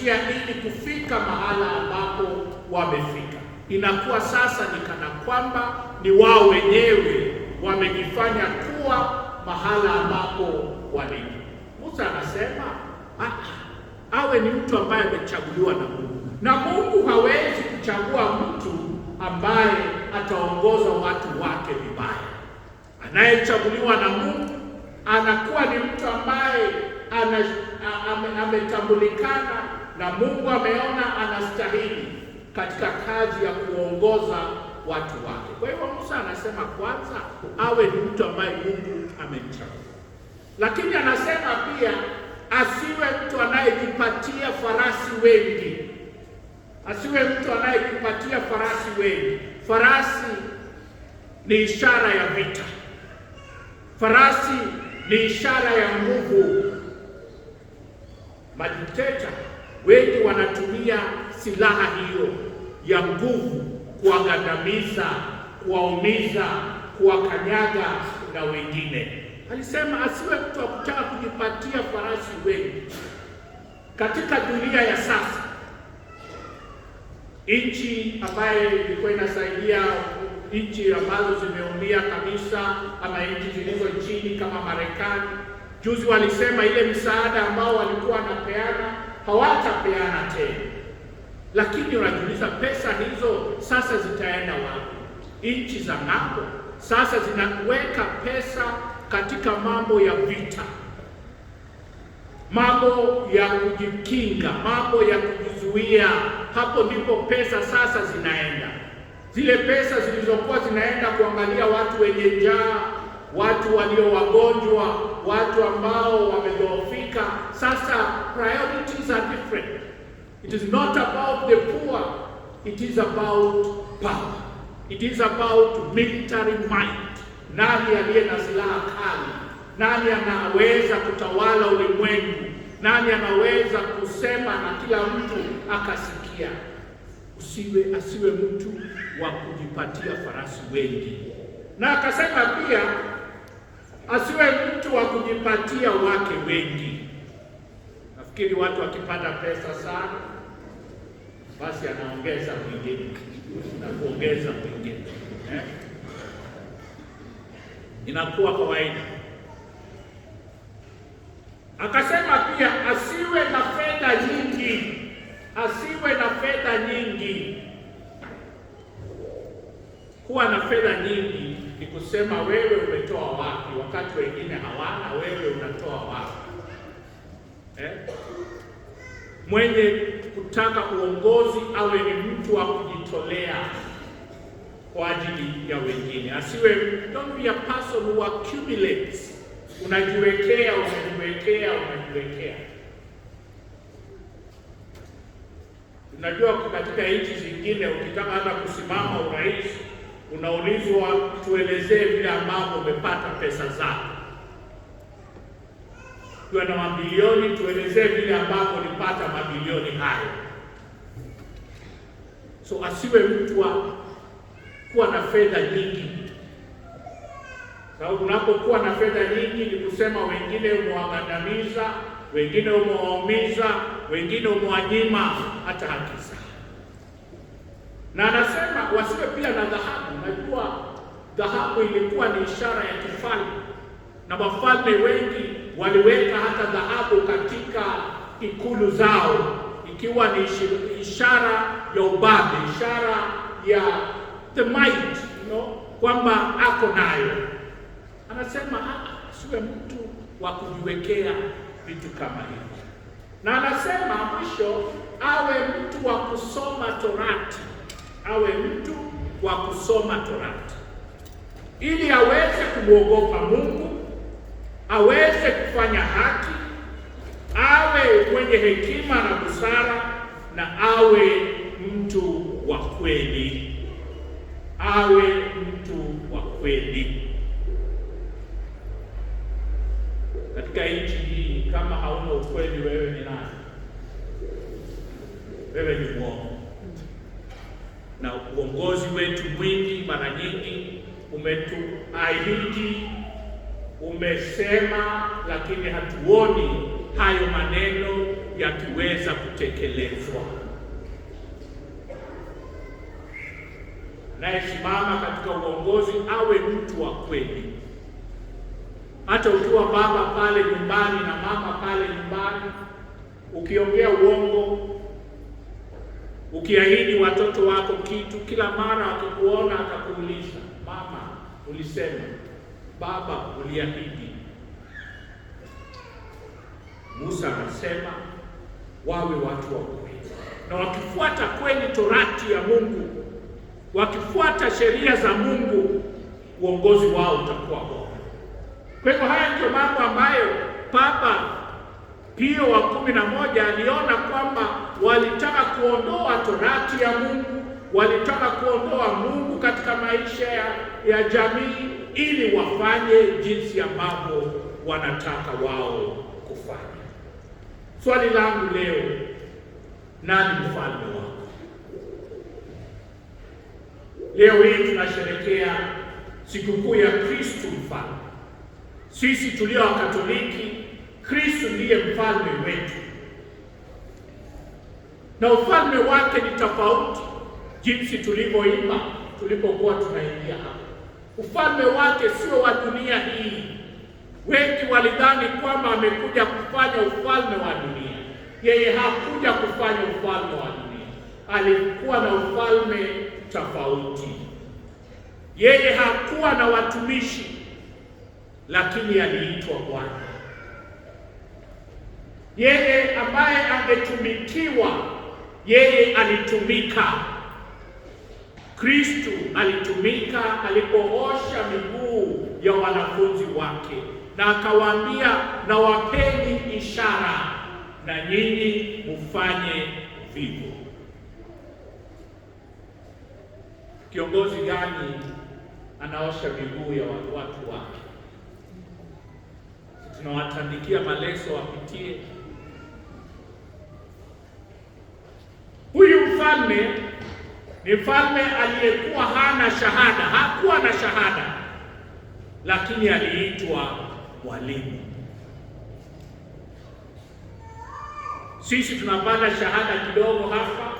kupitia ili kufika mahala ambapo wamefika. Inakuwa sasa ni kana kwamba ni wao wenyewe wamejifanya kuwa mahala ambapo walipo. Musa anasema ah, ah, awe ni mtu ambaye amechaguliwa na Mungu, na Mungu hawezi kuchagua mtu ambaye ataongoza watu wake vibaya. Anayechaguliwa na Mungu anakuwa ni mtu ambaye ametambulikana na Mungu ameona anastahili katika kazi ya kuongoza watu wake. Kwa hiyo Musa anasema kwanza awe ni mtu ambaye Mungu amemchagua, lakini anasema pia asiwe mtu anayejipatia farasi wengi, asiwe mtu anayejipatia farasi wengi. Farasi ni ishara ya vita, farasi ni ishara ya nguvu. Madikteta wengi wanatumia silaha hiyo ya nguvu kuwagandamiza, kuwaumiza, kuwakanyaga na wengine. Alisema asiwe mtu wa kutaka kujipatia farasi wengi. Katika dunia ya sasa, nchi ambayo ilikuwa inasaidia nchi ambazo zimeumia kabisa ama nchi zilizo chini kama Marekani, juzi walisema ile msaada ambao walikuwa wanapeana hawatapeana tena. Lakini unajiuliza pesa hizo sasa zitaenda wapi? Nchi za ng'ambo sasa zinaweka pesa katika mambo ya vita, mambo ya kujikinga, mambo ya kujizuia. Hapo ndipo pesa sasa zinaenda, zile pesa zilizokuwa zinaenda kuangalia watu wenye njaa watu walio wagonjwa, watu ambao wamedhoofika. Sasa priorities are different. It is not about the poor, it is about power, it is about military might. Nani aliye na silaha kali? Nani anaweza kutawala ulimwengu? Nani anaweza kusema na kila mtu akasikia? Usiwe asiwe mtu wa kujipatia farasi wengi, na akasema pia asiwe mtu wa kujipatia wake wengi. Nafikiri watu wakipata pesa sana, basi anaongeza mwingine na kuongeza mwingine eh? Inakuwa kawaida. Akasema pia asiwe na fedha nyingi, asiwe na fedha nyingi, kuwa na fedha nyingi ni kusema wewe umetoa wapi, wakati wengine hawana, wewe unatoa wapi eh? Mwenye kutaka uongozi awe ni mtu wa kujitolea kwa ajili ya wengine, asiwe don't be a person who accumulates. Unajiwekea, unajiwekea, unajiwekea. Unajua, katika nchi zingine ukitaka hata kusimama urais unaulizwa tuelezee vile ambavyo umepata pesa zako. Ukiwa na mabilioni, tuelezee vile ambavyo ulipata mabilioni hayo. So asiwe mtu wa kuwa na fedha nyingi, sababu unapokuwa na fedha nyingi ni kusema wengine umewagandamiza, wengine umewaumiza, wengine umewanyima hata haki zao, na anasema wasiwe pia na dhahabu dhahabu ilikuwa ni ishara ya kifalme, na wafalme wengi waliweka hata dhahabu katika ikulu zao, ikiwa ni ishara ya ubabe, ishara ya the might, you know, kwamba ako nayo. Anasema ah, ah, siwe mtu wa kujiwekea vitu kama hivyo, na anasema mwisho awe mtu wa kusoma Torati, awe mtu wa kusoma Torati ili aweze kumwogopa Mungu, aweze kufanya haki, awe mwenye hekima na busara, na awe mtu wa kweli, awe mtu wa kweli. Katika nchi hii, kama hauna ukweli, wewe ni nani? Wewe ni mwongo. Na uongozi wetu mwingi mara nyingi umetuahidi, umesema, lakini hatuoni hayo maneno yakiweza kutekelezwa. anayesimama katika uongozi awe mtu wa kweli. Hata ukiwa baba pale nyumbani na mama pale nyumbani, ukiongea uongo, ukiahidi watoto wako kitu, kila mara akikuona atakuuliza mama ulisema, Baba, uliahidi. Musa anasema wawe watu wa kweli, na wakifuata kweli torati ya Mungu, wakifuata sheria za Mungu, uongozi wao utakuwa bora. Kwa hivyo haya ndio mambo ambayo Papa Pio wa kumi na moja aliona kwamba walitaka kuondoa torati ya Mungu walitaka kuondoa Mungu katika maisha ya, ya jamii ili wafanye jinsi ambavyo wanataka wao kufanya. Swali langu leo, nani mfalme wako? Leo hii tunasherehekea sikukuu ya Kristu mfalme. Sisi tulio Wakatoliki, Kristu ndiye mfalme wetu, na ufalme wake ni tofauti jinsi tulivyoimba tulipokuwa tunaingia hapa. Ufalme wake sio wa dunia hii. Wengi walidhani kwamba amekuja kufanya ufalme wa dunia. Yeye hakuja kufanya ufalme wa dunia, alikuwa na ufalme tofauti. Yeye hakuwa na watumishi, lakini aliitwa Bwana, yeye ambaye angetumikiwa, yeye alitumika. Kristu alitumika alipoosha miguu ya wanafunzi wake, na akawaambia, na wapeni ishara na nyinyi mufanye vivyo. Kiongozi gani anaosha miguu ya watu wake? Tunawatandikia maleso wapitie. Huyu mfalme ni mfalme aliyekuwa hana shahada, hakuwa na shahada, lakini aliitwa mwalimu. Sisi tunapata shahada kidogo hapa,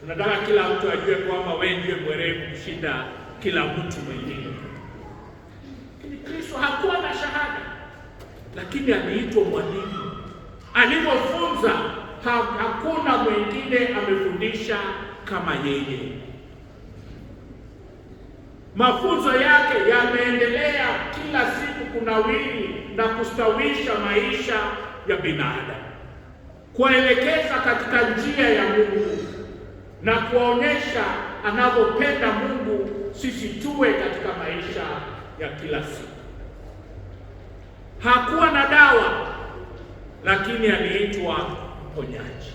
tunataka kila mtu ajue kwamba wewe ndiye mwerevu kushinda kila mtu mwingine. Lakini Kristo hakuwa na shahada, lakini aliitwa mwalimu. Alipofunza hakuna mwingine amefundisha kama yeye. Mafunzo yake yameendelea kila siku kunawiri na kustawisha maisha ya binadamu, kuwaelekeza katika njia ya Mungu na kuwaonyesha anavyopenda Mungu sisi tuwe katika maisha ya kila siku. Hakuwa na dawa, lakini aliitwa mponyaji.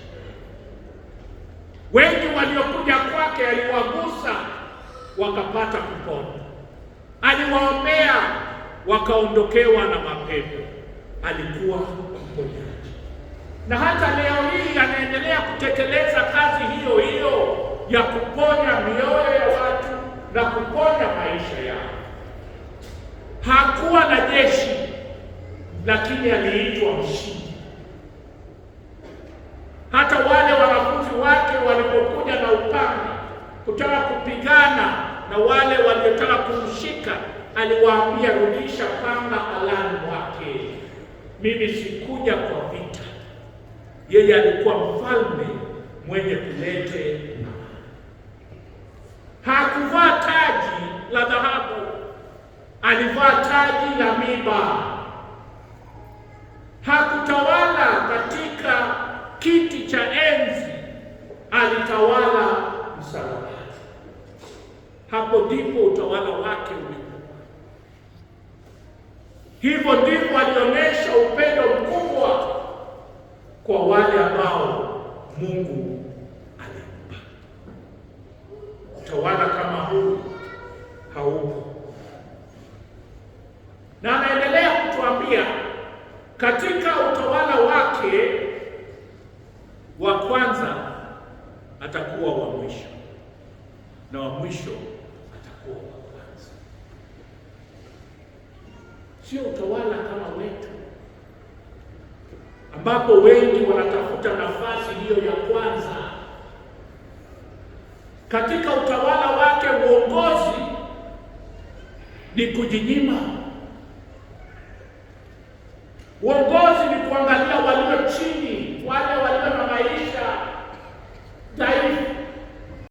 Wengi waliokuja kwake aliwagusa wakapata kupona, aliwaombea wakaondokewa na mapepo. Alikuwa mponyaji, na hata leo hii anaendelea kutekeleza kazi hiyo hiyo ya kuponya mioyo ya watu na kuponya maisha yao. Hakuwa na jeshi, lakini aliitwa mshindi. kutaka kupigana na wale waliotaka kumshika, aliwaambia rudisha panga alani wake, mimi sikuja kwa vita. Yeye alikuwa mfalme mwenye kulete Hakuvaa taji la dhahabu, alivaa taji la miba. Hakutawala katika kiti cha enzi, alitawala hapo ndipo utawala wake umekuwa. Hivyo ndipo alionyesha upendo mkubwa kwa wale ambao Mungu alimpa. Utawala kama huu haupo, na anaendelea kutuambia katika utawala wake wa kwanza atakuwa wa mwisho na wa mwisho kuwa kwanza, sio utawala kama wetu ambapo wengi wanatafuta nafasi hiyo ya kwanza. Katika utawala wake uongozi ni kujinyima, uongozi ni kuangalia walio chini, wale walio na maisha dhaifu